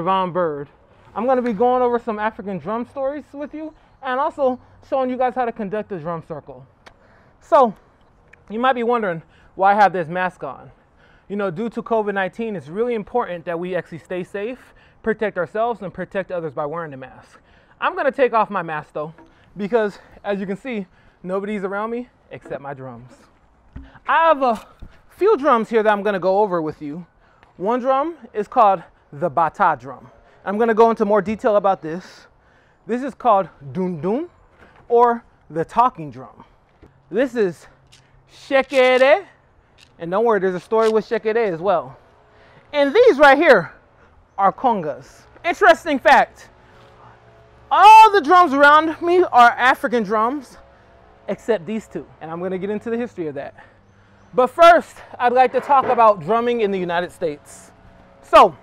Javon Bird. I'm gonna be going over some African drum stories with you and also showing you guys how to conduct a drum circle. So, you might be wondering why I have this mask on. You know, due to COVID 19, it's really important that we actually stay safe, protect ourselves, and protect others by wearing the mask. I'm gonna take off my mask though, because as you can see, nobody's around me except my drums. I have a few drums here that I'm gonna go over with you. One drum is called the bata drum. I'm gonna go into more detail about this. This is called dun dun or the talking drum. This is shekere, and don't worry, there's a story with shekere as well. And these right here are congas. Interesting fact, all the drums around me are African drums, except these two. And I'm gonna get into the history of that. But first, I'd like to talk about drumming in the United States. So,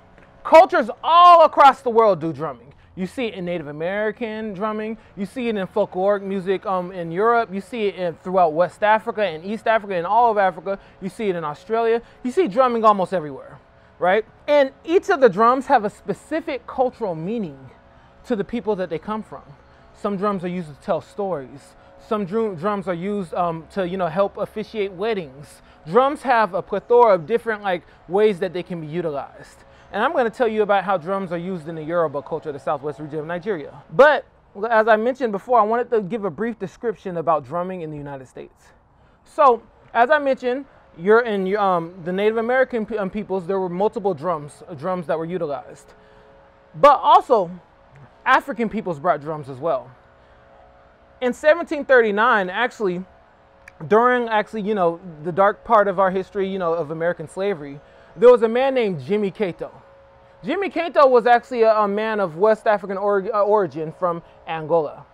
Cultures all across the world do drumming. You see it in Native American drumming. You see it in folkloric music um, in Europe. You see it in, throughout West Africa and East Africa and all of Africa. You see it in Australia. You see drumming almost everywhere, right? And each of the drums have a specific cultural meaning to the people that they come from. Some drums are used to tell stories. Some drum, drums are used um, to, you know, help officiate weddings. Drums have a plethora of different like ways that they can be utilized. And I'm going to tell you about how drums are used in the Yoruba culture, of the southwest region of Nigeria. But as I mentioned before, I wanted to give a brief description about drumming in the United States. So, as I mentioned, you're in um, the Native American um, peoples, there were multiple drums, uh, drums that were utilized. But also, African peoples brought drums as well. In 1739, actually, during actually, you know, the dark part of our history, you know, of American slavery, there was a man named Jimmy Cato. Jimmy Cato was actually a, a man of West African or, uh, origin from Angola.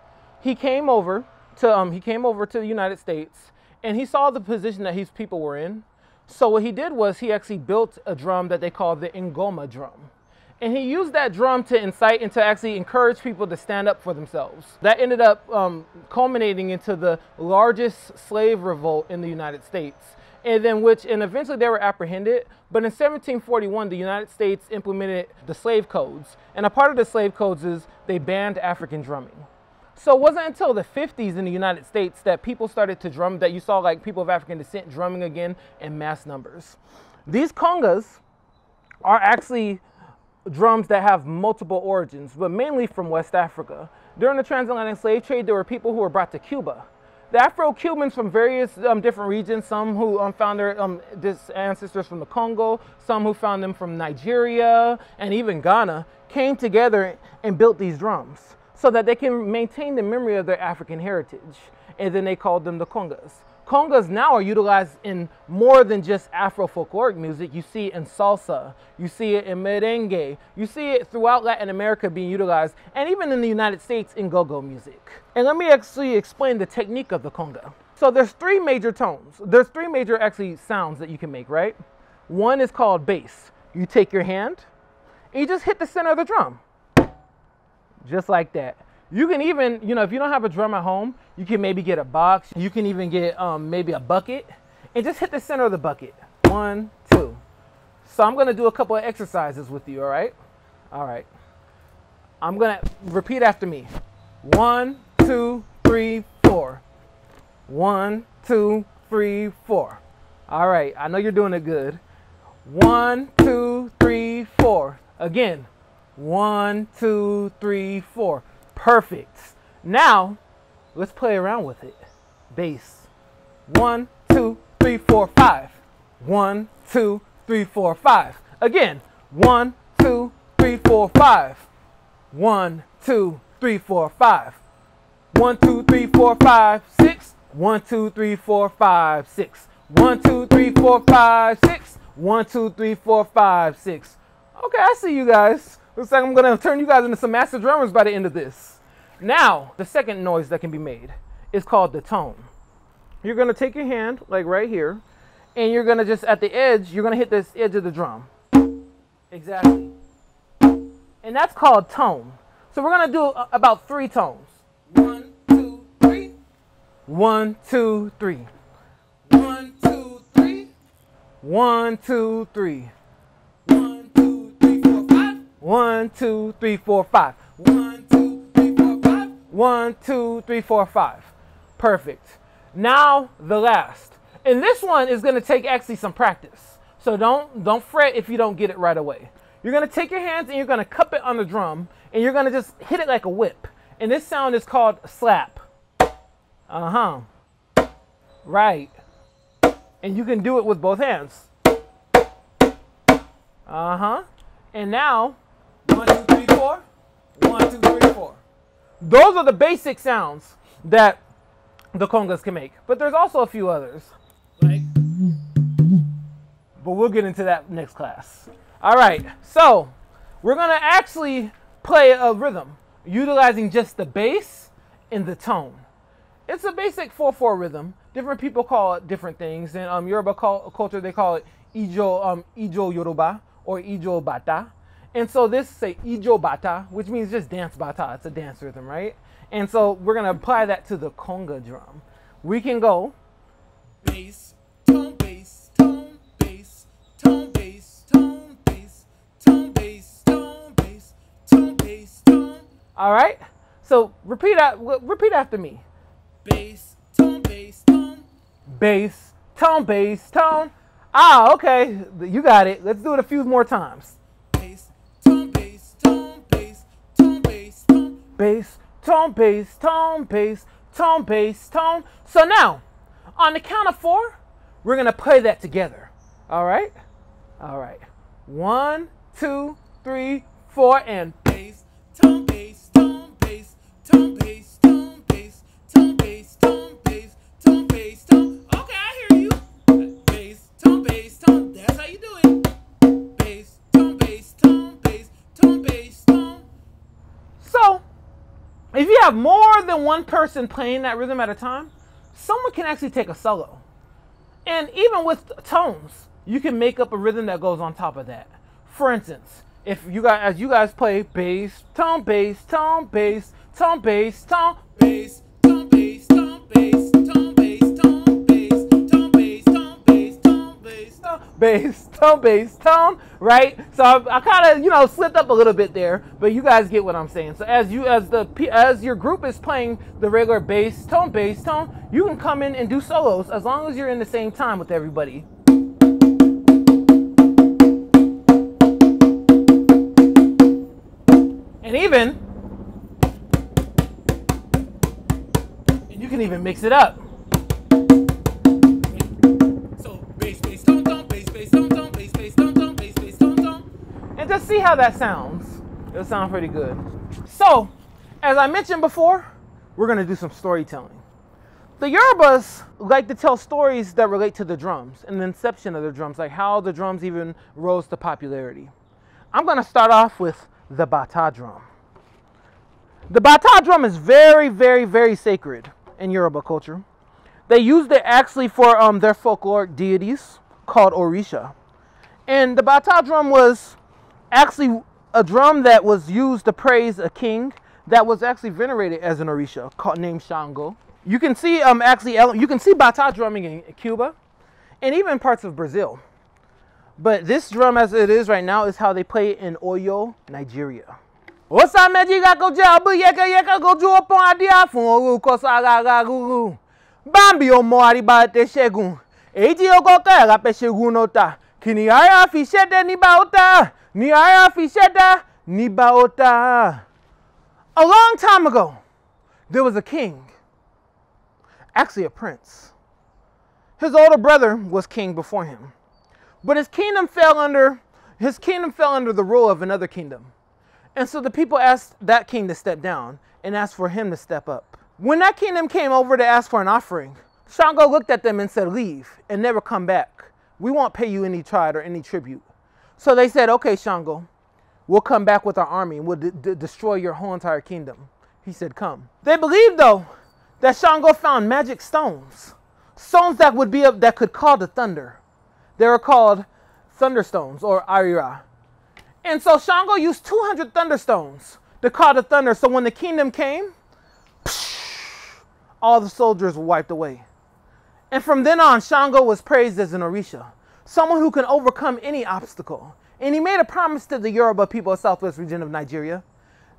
He came over to um, he came over to the United States and he saw the position that his people were in. So what he did was he actually built a drum that they called the Ngoma drum. And he used that drum to incite and to actually encourage people to stand up for themselves. That ended up um, culminating into the largest slave revolt in the United States and then which and eventually they were apprehended but in 1741 the united states implemented the slave codes and a part of the slave codes is they banned african drumming so it wasn't until the 50s in the united states that people started to drum that you saw like people of african descent drumming again in mass numbers these congas are actually drums that have multiple origins but mainly from west africa during the transatlantic slave trade there were people who were brought to cuba the Afro-Cubans from various um, different regions, some who um, found their um, ancestors from the Congo, some who found them from Nigeria, and even Ghana, came together and built these drums so that they can maintain the memory of their African heritage. And then they called them the Congas. Congas now are utilized in more than just Afro folkloric music. You see it in salsa, you see it in merengue, you see it throughout Latin America being utilized, and even in the United States in go-go music. And let me actually explain the technique of the conga. So there's three major tones. There's three major actually sounds that you can make, right? One is called bass. You take your hand, and you just hit the center of the drum. Just like that. You can even, you know, if you don't have a drum at home, you can maybe get a box. You can even get um, maybe a bucket and just hit the center of the bucket. One, two. So I'm gonna do a couple of exercises with you, all right? All right. I'm gonna repeat after me. One, two, three, four. One, two, three, four. All right, I know you're doing it good. One, two, three, four. Again. One, two, three, four. Perfect. Now, let's play around with it. Bass. One, two, three, four, five. One, two, three, four, five. Again. One, two, three, four, five. One, two, three, four, five. One, two, three, four, five, six. One, two, three, four, five, six. One, two, three, four, five, six. One, two, three, four, five, six. Okay, I see you guys. Looks like I'm gonna turn you guys into some master drummers by the end of this. Now, the second noise that can be made is called the tone. You're gonna take your hand, like right here, and you're gonna just at the edge, you're gonna hit this edge of the drum. Exactly. And that's called tone. So we're gonna do uh, about three tones. One, two, three. One, two, three. One, two, three. One, two, three. One, two, three, four, five. One, two, three, four, five. One, two, three, four, five. Perfect. Now the last. And this one is gonna take actually some practice. So don't don't fret if you don't get it right away. You're gonna take your hands and you're gonna cup it on the drum and you're gonna just hit it like a whip. And this sound is called slap. Uh-huh. Right. And you can do it with both hands. Uh-huh. And now one, two, three, four. One, two, three, four. Those are the basic sounds that the congas can make. But there's also a few others. Like, but we'll get into that next class. All right, so we're gonna actually play a rhythm utilizing just the bass and the tone. It's a basic 4-4 rhythm. Different people call it different things. In um, Yoruba culture, they call it Ijo, um, Ijo Yoruba or Ijo Bata. And so this say ijo bata, which means just dance bata. It's a dance rhythm, right? And so we're gonna apply that to the conga drum. We can go bass, tone, bass, tone, bass, tone, tone, bass, tone, bass, tone, bass, tone, bass, tone. All right. So repeat out. Repeat after me. Bass, tone, bass, tone. Bass, tone, bass, tone. Ah, okay. You got it. Let's do it a few more times. bass, tone, bass, tone, bass, tone, bass, tone. So now, on the count of four, we're gonna play that together. All right? All right. One, two, three, four, and bass, tone, bass, tone, bass, tone, bass. one person playing that rhythm at a time, someone can actually take a solo. And even with tones, you can make up a rhythm that goes on top of that. For instance, if you guys as you guys play bass, tone, bass, tone, bass, tone, bass, tone, bass, bass, tone, bass, tone, right? So I, I kind of, you know, slipped up a little bit there, but you guys get what I'm saying. So as you, as the, as your group is playing the regular bass, tone, bass, tone, you can come in and do solos as long as you're in the same time with everybody. And even, and you can even mix it up. how that sounds. It'll sound pretty good. So, as I mentioned before, we're gonna do some storytelling. The Yorubas like to tell stories that relate to the drums and the inception of the drums, like how the drums even rose to popularity. I'm gonna start off with the Bata drum. The Bata drum is very, very, very sacred in Yoruba culture. They used it actually for um, their folkloric deities called Orisha. And the Bata drum was actually a drum that was used to praise a king that was actually venerated as an orisha called named Shango. You can see um actually you can see bata drumming in Cuba and even parts of Brazil. But this drum as it is right now is how they play it in Oyo, Nigeria. Osa meji ga ariba te segun. Eji oko ka ra pe segun nota. Kini ara fi sede ni ba ota. Ni ara ni baota. A long time ago, there was a king, actually a prince. His older brother was king before him, but his kingdom fell under his kingdom fell under the rule of another kingdom. And so the people asked that king to step down and asked for him to step up. When that kingdom came over to ask for an offering, Shango looked at them and said, Leave and never come back. We won't pay you any tithe or any tribute. So they said, okay, Shango, we'll come back with our army and we'll de destroy your whole entire kingdom. He said, come. They believed, though, that Shango found magic stones, stones that, would be, a, that could call the thunder. They were called thunderstones or Arira. And so Shango used 200 thunderstones to call the thunder. So when the kingdom came, all the soldiers were wiped away. And from then on, Shango was praised as an Orisha someone who can overcome any obstacle. And he made a promise to the Yoruba people of Southwest region of Nigeria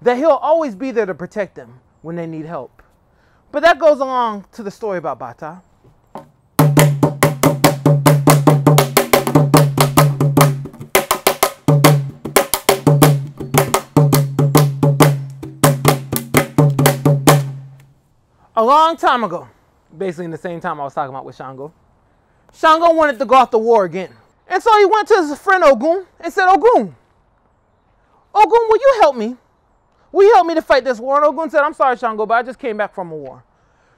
that he'll always be there to protect them when they need help. But that goes along to the story about Bata. A long time ago, basically in the same time I was talking about with Shango, Shango wanted to go off to war again. And so he went to his friend Ogun and said, Ogun, Ogun, will you help me? Will you help me to fight this war? And Ogun said, I'm sorry, Shango, but I just came back from a war.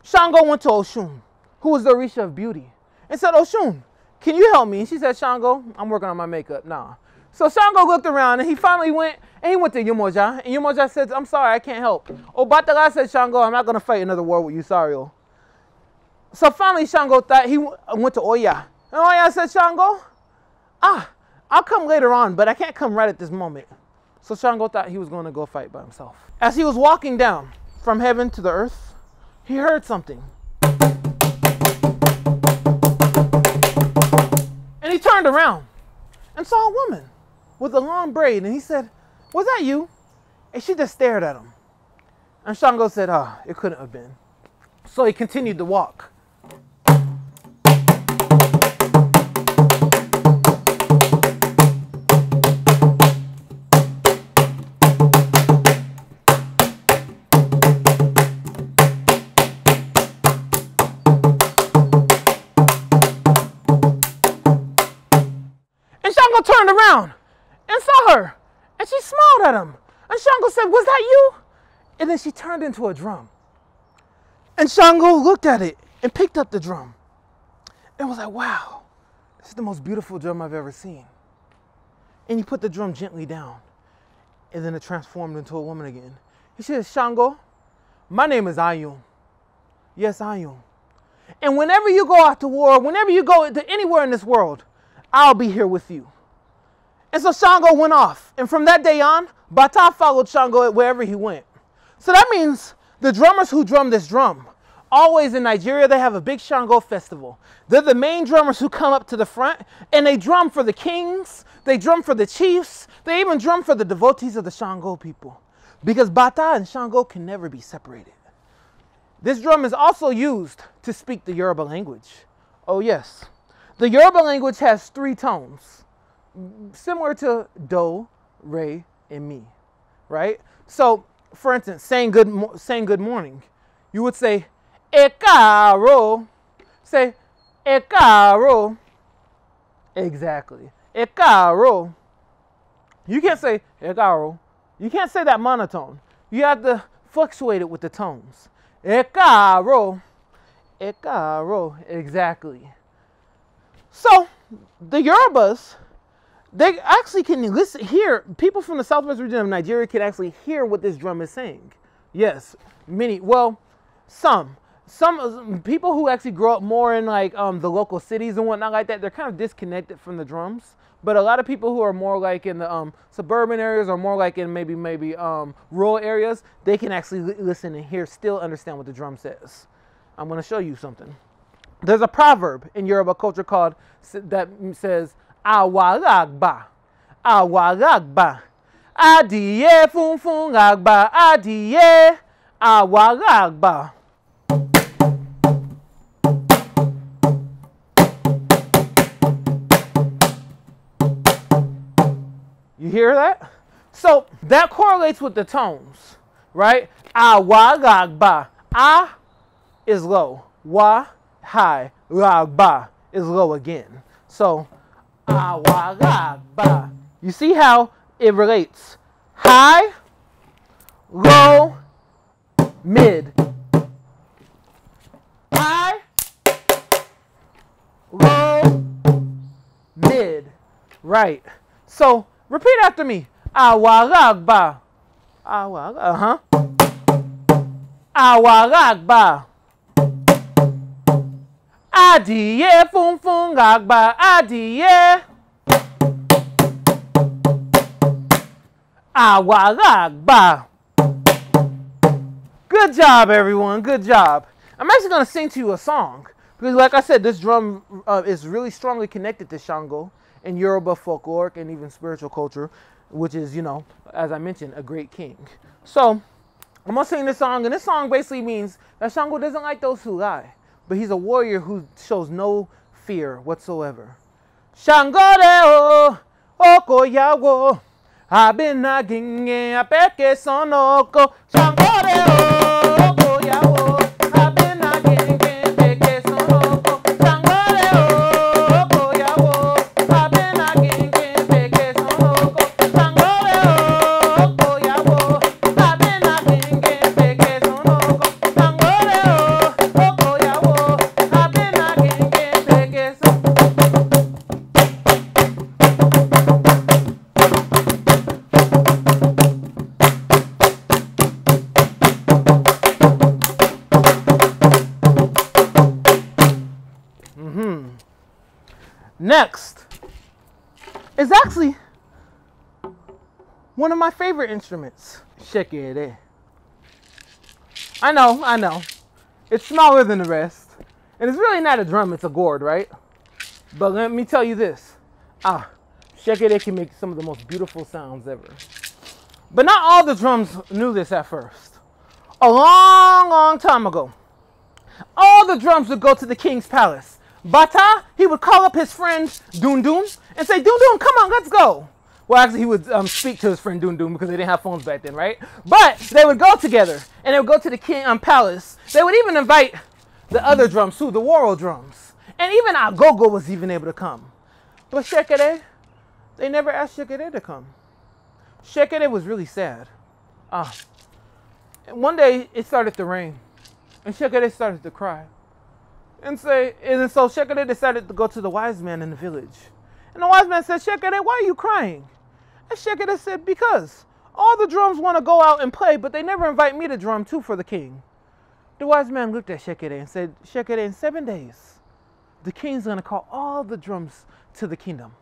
Shango went to Oshun, who was the Orisha of beauty, and said, Oshun, can you help me? And she said, Shango, I'm working on my makeup. Nah. So Shango looked around and he finally went and he went to Yumoja. And Yumoja said, I'm sorry, I can't help. Obatala said, Shango, I'm not going to fight another war with you, sorry. Oh. So finally, Shango thought he went to Oya. And Oya said, Shango, ah, I'll come later on, but I can't come right at this moment. So Shango thought he was going to go fight by himself. As he was walking down from heaven to the earth, he heard something. And he turned around and saw a woman with a long braid. And he said, Was that you? And she just stared at him. And Shango said, Ah, oh, it couldn't have been. So he continued to walk. saw her and she smiled at him. And Shango said, Was that you? And then she turned into a drum. And Shango looked at it and picked up the drum and was like, Wow, this is the most beautiful drum I've ever seen. And he put the drum gently down. And then it transformed into a woman again. He says, Shango, my name is Ayum. Yes, Ayum. And whenever you go out to war, whenever you go to anywhere in this world, I'll be here with you. And so Shango went off. And from that day on, Bata followed Shango wherever he went. So that means the drummers who drum this drum, always in Nigeria, they have a big Shango festival. They're the main drummers who come up to the front and they drum for the kings, they drum for the chiefs, they even drum for the devotees of the Shango people. Because Bata and Shango can never be separated. This drum is also used to speak the Yoruba language. Oh, yes. The Yoruba language has three tones similar to do, re, and mi, right? So, for instance, saying good, saying good morning, you would say e caro, say e caro. Exactly, e caro. You can't say e caro. You can't say that monotone. You have to fluctuate it with the tones. E caro, e caro. Exactly. So the Yorubas they actually can listen hear people from the southwest region of nigeria can actually hear what this drum is saying yes many well some some people who actually grow up more in like um, the local cities and whatnot like that they're kind of disconnected from the drums but a lot of people who are more like in the um, suburban areas or more like in maybe maybe um, rural areas they can actually li- listen and hear still understand what the drum says i'm going to show you something there's a proverb in yoruba culture called that says àwárà àgbà àwárà àgbà adìyẹ funfun àgbà adìyẹ àwárà àgbà. You hear that? So that correlates with the tones, right? Ah, wa, Ah is low. Wa, high. La, ba is low again. So Awaraba. You see how it relates. High, low, mid. High, low, mid. Right. So repeat after me. Awaragba. Awaragba. Uh-huh. Awaragba adìyẹ funfun àgbà adìyẹ. àwàrà àgbà. Good job, everyone. Good job. I'm actually going to sing to you a song because, like I said, this drum uh, is really strongly connected to Shango and Yoruba folkloric and even spiritual culture, which is, you know, as I mentioned, a great king. So I'm going to sing this song, and this song basically means that Shango doesn't like those who lie. But he's a warrior who shows no fear whatsoever. Shangoreo Okoyawo Abenagin peke Sonoko Shango favorite instruments. Shake it. Eh? I know, I know. It's smaller than the rest. And it's really not a drum, it's a gourd, right? But let me tell you this. Ah, it can make some of the most beautiful sounds ever. But not all the drums knew this at first. A long, long time ago, all the drums would go to the king's palace. Bata, he would call up his friend Dundun and say, Dundun, come on, let's go. Well, actually, he would um, speak to his friend Doom Doom because they didn't have phones back then, right? But they would go together and they would go to the King um, Palace. They would even invite the other drums too, the Waro drums. And even Agogo was even able to come. But Shekere, they never asked Shekere to come. Shekere was really sad. Ah. And one day it started to rain and Shekere started to cry. And say, and so Shekere decided to go to the wise man in the village. And the wise man said, Shekere, why are you crying? That said because all the drums want to go out and play, but they never invite me to drum too for the king. The wise man looked at Shekere and said, Shekere, in seven days, the king's going to call all the drums to the kingdom.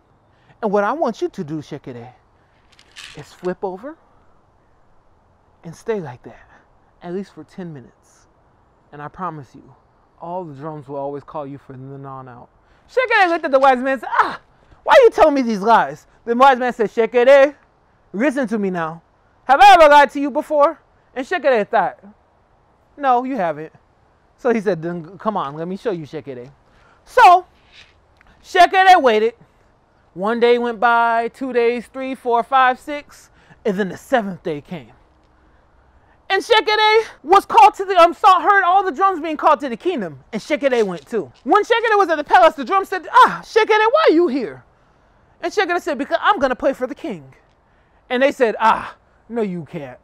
And what I want you to do, Shekere, is flip over and stay like that, at least for 10 minutes. And I promise you, all the drums will always call you for the non out. Shekere looked at the wise man and said, Ah! Why you telling me these lies? The wise man said, Shekere, listen to me now. Have I ever lied to you before? And Shekere thought, No, you haven't. So he said, Then come on, let me show you Shekere. So Shekere waited. One day went by, two days, three, four, five, six, and then the seventh day came. And Shekere was called to the, um, saw, heard all the drums being called to the kingdom, and Shekere went too. When Shekere was at the palace, the drum said, Ah, Shekere, why are you here? And Shagada said, Because I'm going to play for the king. And they said, Ah, no, you can't.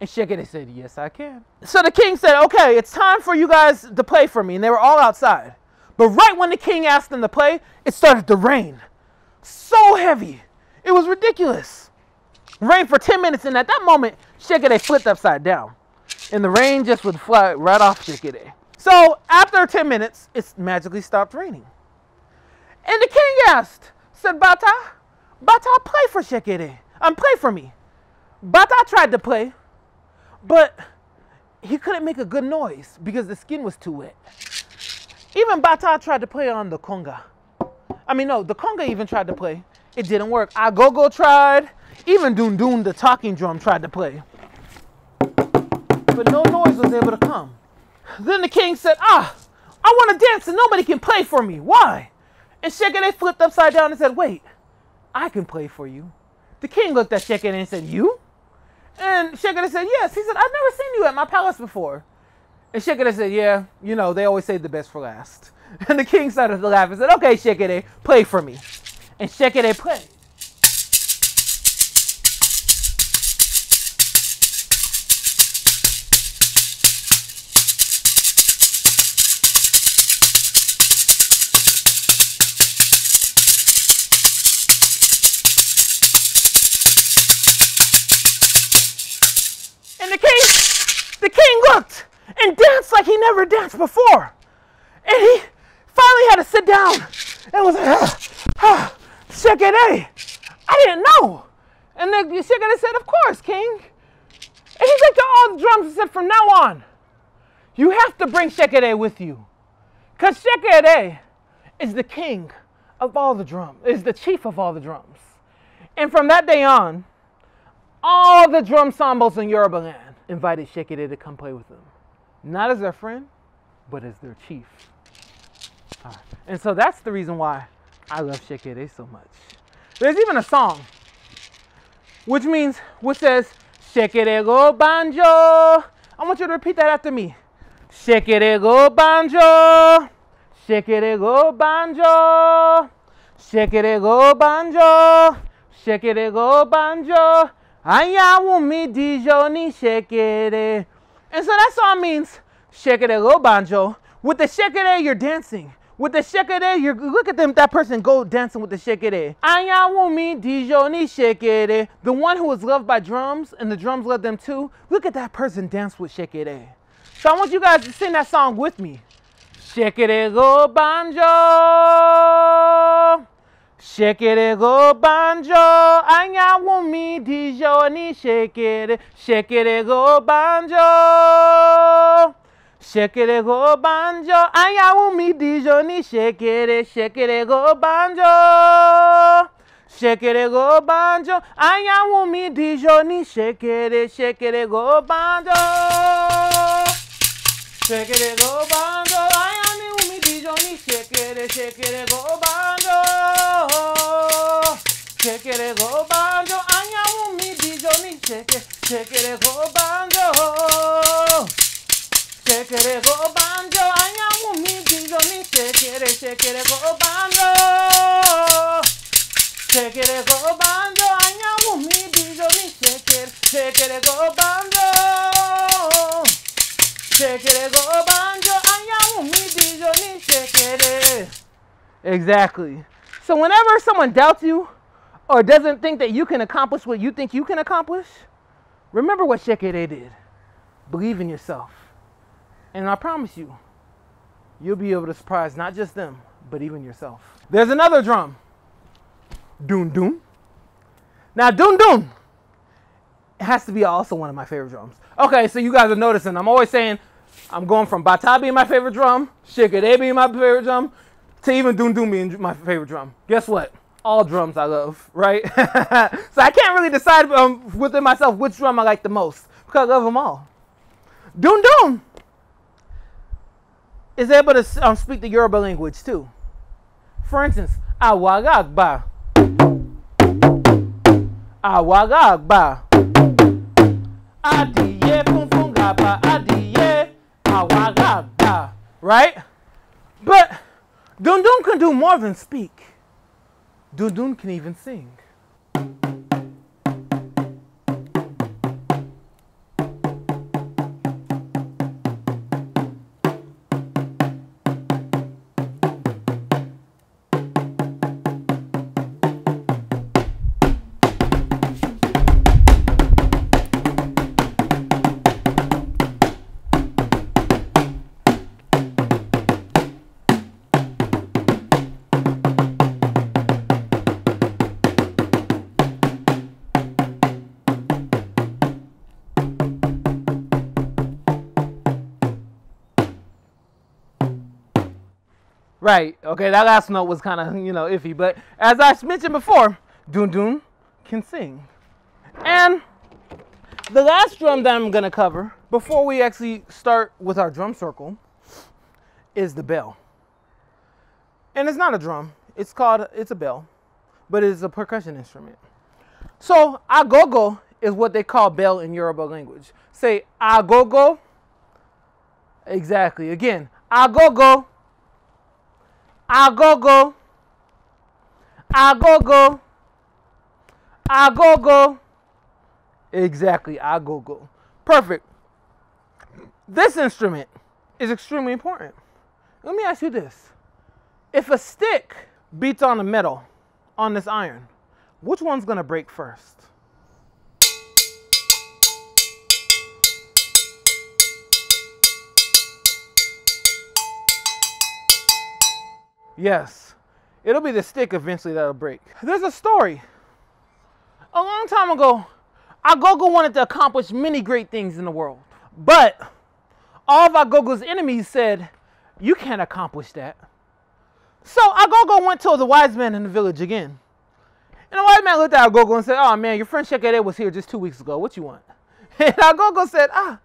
And Shagada said, Yes, I can. So the king said, Okay, it's time for you guys to play for me. And they were all outside. But right when the king asked them to play, it started to rain. So heavy. It was ridiculous. Rain for 10 minutes. And at that moment, Shagada flipped upside down. And the rain just would fly right off Shagada. So after 10 minutes, it magically stopped raining. And the king asked, Said Bata, Bata play for Shekere and play for me. Bata tried to play, but he couldn't make a good noise because the skin was too wet. Even Bata tried to play on the conga. I mean, no, the conga even tried to play. It didn't work. Agogo tried. Even Doon the talking drum, tried to play. But no noise was able to come. Then the king said, Ah, I want to dance and nobody can play for me. Why? And they flipped upside down and said, Wait, I can play for you. The king looked at Shekine and said, You? And Shekine said, Yes. He said, I've never seen you at my palace before. And Shekine said, Yeah, you know, they always say the best for last. And the king started to laugh and said, Okay, Shekine, play for me. And Shekine played. looked and danced like he never danced before. And he finally had to sit down uh, and was like, ah, ah, Sheikh I didn't know. And then Sheikh said, of course, King. And he looked at all the drums and said, from now on, you have to bring Sheikh with you. Because Sheikh is the king of all the drums, is the chief of all the drums. And from that day on, all the drum ensembles in Yoruba land invited Shekede to come play with them. Not as their friend, but as their chief. And so that's the reason why I love Shekede so much. There's even a song, which means, which says, Shekede go banjo. I want you to repeat that after me. Shekede go banjo. Shekede go banjo. Shekede go banjo. Shekede go banjo. Aya mi ni shekere. And so that song means shekere go banjo. With the shekere, you're dancing. With the shekere, you look at them, that person go dancing with the shekere. Aya mi ni shekere. The one who was loved by drums and the drums loved them too. Look at that person dance with shekere. So I want you guys to sing that song with me. Shekere go banjo. Shake it, go banjo, anya wumi di joni. Shake it, shake it, go banjo. Shake it, go banjo, anya wumi di joni. Shake it, shake it, go banjo. Shake it, go banjo, anya wumi di joni. Shake it, shake it, go banjo. Shake it, go banjo, Johnny se quiere, se quiere gobando. Se quiere gobando, Ay, un mi mi se quiere, se quiere gobando. Se quiere gobando, Ay, un mi mi se quiere, se quiere gobando. Se quiere gobando, Ay, un mi mi se quiere, se quiere gobando. Exactly. So whenever someone doubts you or doesn't think that you can accomplish what you think you can accomplish, remember what Shekere did. Believe in yourself. And I promise you, you'll be able to surprise not just them, but even yourself. There's another drum. Doom doom. Now doom doom. It has to be also one of my favorite drums. Okay, so you guys are noticing, I'm always saying, I'm going from Bata being my favorite drum, Shika being my favorite drum, to even Doom Doom being my favorite drum. Guess what? All drums I love, right? so I can't really decide um, within myself which drum I like the most, because I love them all. Doom Doom is able to um, speak the Yoruba language too. For instance, Awagagba. Awagagba adìyẹ funfun gàba adìyẹ àwáràgbà. Right? But Dundun can do more than speak. Dundun can even sing. Right. Okay, that last note was kind of, you know, iffy. But as I mentioned before, Doom Doom can sing. And the last drum that I'm going to cover before we actually start with our drum circle is the bell. And it's not a drum. It's called, it's a bell. But it's a percussion instrument. So agogo is what they call bell in Yoruba language. Say agogo. Exactly. Again, agogo agogo agogo agogo exactly agogo perfect this instrument is extremely important let me ask you this if a stick beats on a metal on this iron which one's going to break first Yes. It'll be the stick eventually that'll break. There's a story. A long time ago, Agogo wanted to accomplish many great things in the world. But all of Agogo's enemies said, You can't accomplish that. So Agogo went to the wise man in the village again. And the wise man looked at Agogo and said, Oh man, your friend Shekere was here just two weeks ago. What you want? And Agogo said, Ah,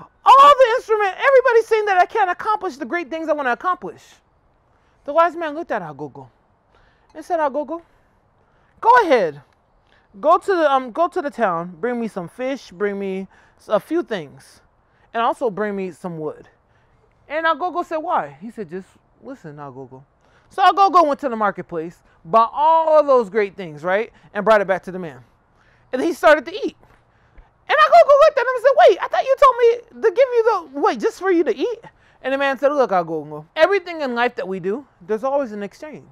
all the instrument, everybody's saying that I can't accomplish the great things I want to accomplish. The wise man looked at Agogo and said, Agogo, go ahead. Go to the um go to the town, bring me some fish, bring me a few things, and also bring me some wood. And Agogo said, Why? He said, Just listen, Agogo. So Agogo went to the marketplace, bought all those great things, right? And brought it back to the man. And he started to eat. And Agogo looked at him and said, Wait, I thought you told me to give you the wait, just for you to eat? And the man said, Look, i Everything in life that we do, there's always an exchange.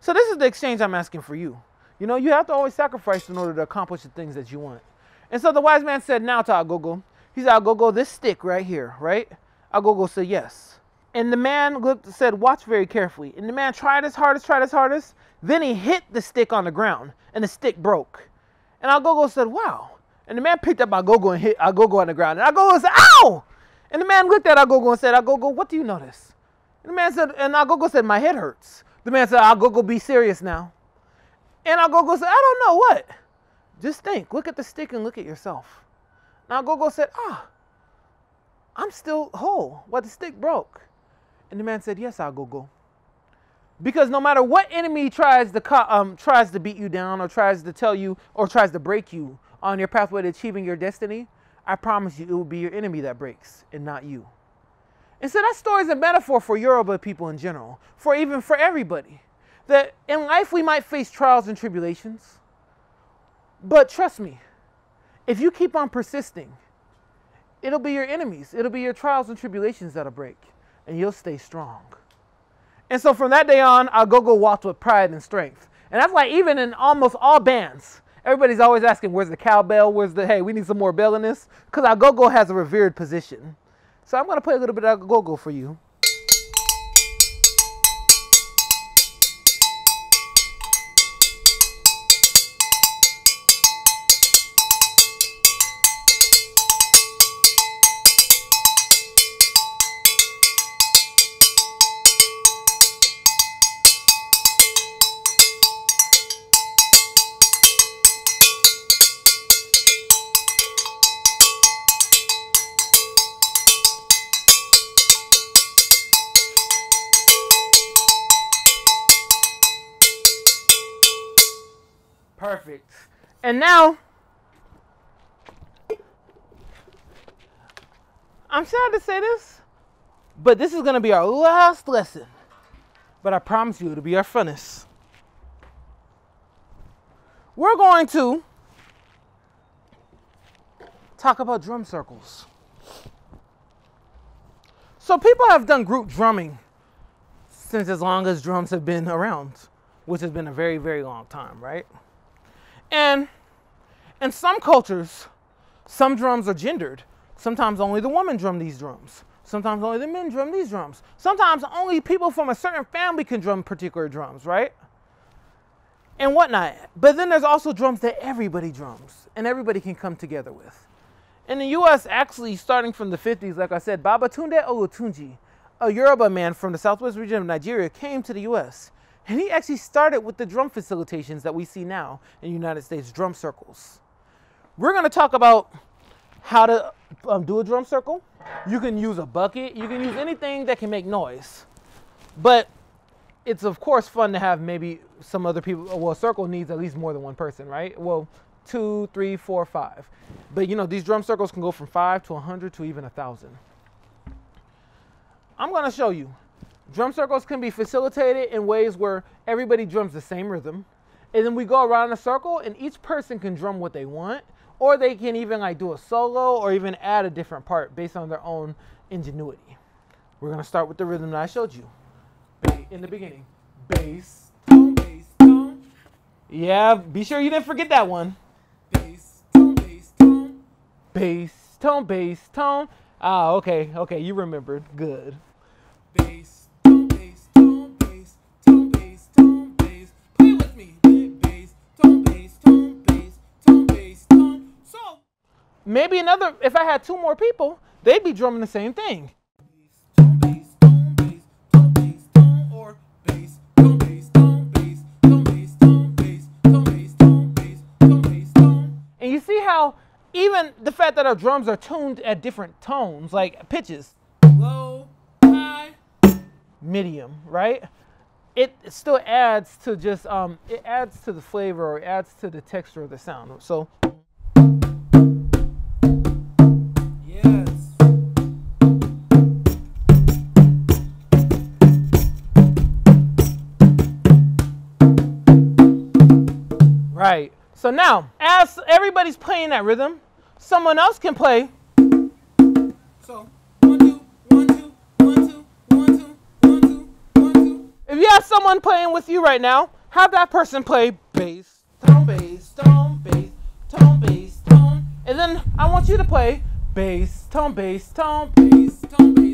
So this is the exchange I'm asking for you. You know, you have to always sacrifice in order to accomplish the things that you want. And so the wise man said, Now to Agogo. He said, Agogo, this stick right here, right? Agogo said, Yes. And the man looked said, Watch very carefully. And the man tried his hardest, tried his hardest. Then he hit the stick on the ground, and the stick broke. And Agogo said, Wow. And the man picked up Agogo and hit Agogo on the ground. And Agogo said, Ow! And the man looked at Agogo and said, Agogo, what do you notice? And the man said, and Agogo said, my head hurts. The man said, Agogo, be serious now. And Agogo said, I don't know what. Just think, look at the stick and look at yourself. Now Agogo said, ah, I'm still whole, but the stick broke. And the man said, yes, Agogo. Because no matter what enemy tries to, um, tries to beat you down or tries to tell you or tries to break you on your pathway to achieving your destiny, I promise you, it will be your enemy that breaks and not you. And so that story is a metaphor for Yoruba people in general, for even for everybody. That in life we might face trials and tribulations, but trust me, if you keep on persisting, it'll be your enemies, it'll be your trials and tribulations that'll break, and you'll stay strong. And so from that day on, I'll go go walk with pride and strength. And that's why even in almost all bands, Everybody's always asking, where's the cowbell? Where's the, hey, we need some more bell in this? Because our go-go has a revered position. So I'm going to play a little bit of go-go for you. Perfect. And now, I'm sad to say this, but this is going to be our last lesson. But I promise you, it'll be our funnest. We're going to talk about drum circles. So people have done group drumming since as long as drums have been around, which has been a very, very long time, right? And in some cultures, some drums are gendered. Sometimes only the women drum these drums. Sometimes only the men drum these drums. Sometimes only people from a certain family can drum particular drums, right? And whatnot. But then there's also drums that everybody drums and everybody can come together with. In the US, actually, starting from the 50s, like I said, Babatunde Olatunji, a Yoruba man from the southwest region of Nigeria, came to the US. And he actually started with the drum facilitations that we see now in United States drum circles. We're going to talk about how to um, do a drum circle. You can use a bucket. You can use anything that can make noise. But it's of course fun to have maybe some other people. Well, a circle needs at least more than one person, right? Well, two, three, four, five. But you know, these drum circles can go from five to a 100 to even a 1,000. I'm going to show you Drum circles can be facilitated in ways where everybody drums the same rhythm. And then we go around a circle and each person can drum what they want or they can even like do a solo or even add a different part based on their own ingenuity. We're gonna start with the rhythm that I showed you in the beginning. Bass, tone, bass, tone. Yeah, be sure you didn't forget that one. Bass, tone, bass, tone. Bass, tone, bass, tone. Ah, okay, okay, you remembered. Good. maybe another, if I had two more people, they'd be drumming the same thing. And you see how even the fact that our drums are tuned at different tones, like pitches, low, high, medium, right? It still adds to just, um, it adds to the flavor or adds to the texture of the sound. So. So now, as everybody's playing that rhythm, someone else can play. So, one, two, one, two, one, two, one, two, one, two, one, two. If you have someone playing with you right now, have that person play bass, tone, bass, tone, bass, tone, bass, tone. And then I want you to play bass, tone, bass, tone, bass, tone, bass.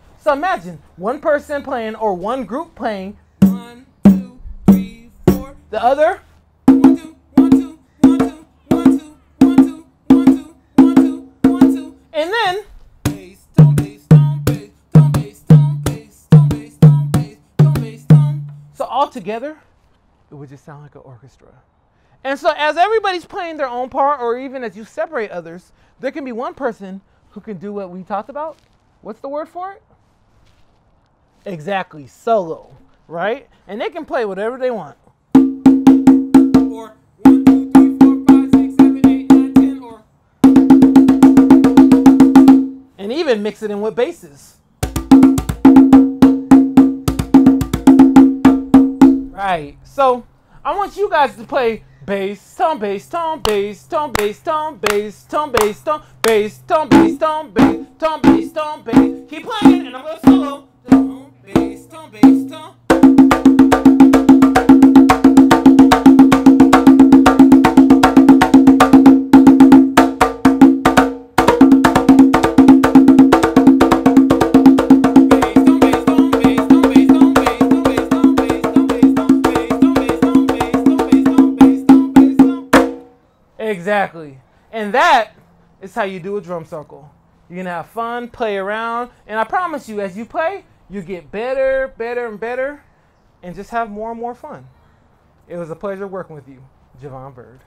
So imagine one person playing or one group playing. One, two, three, four. The other. And then. So all together, it would just sound like an orchestra. And so, as everybody's playing their own part, or even as you separate others, there can be one person who can do what we talked about. What's the word for it? Exactly, solo, right? And they can play whatever they want. Or one, two, three, four, five, six, seven, eight, nine, ten, or. And even mix it in with basses. Right, so I want you guys to play bass, tone, bass, tone, bass, tone, bass, tone, bass, tone, bass, tone, bass, tone, bass, tone, bass, tone, bass, tone, bass. Keep playing, and I'm gonna solo. Exactly. And that is how you do a drum circle. You're gonna have fun, play around, and I promise you, as you play, you get better, better, and better, and just have more and more fun. It was a pleasure working with you, Javon Bird.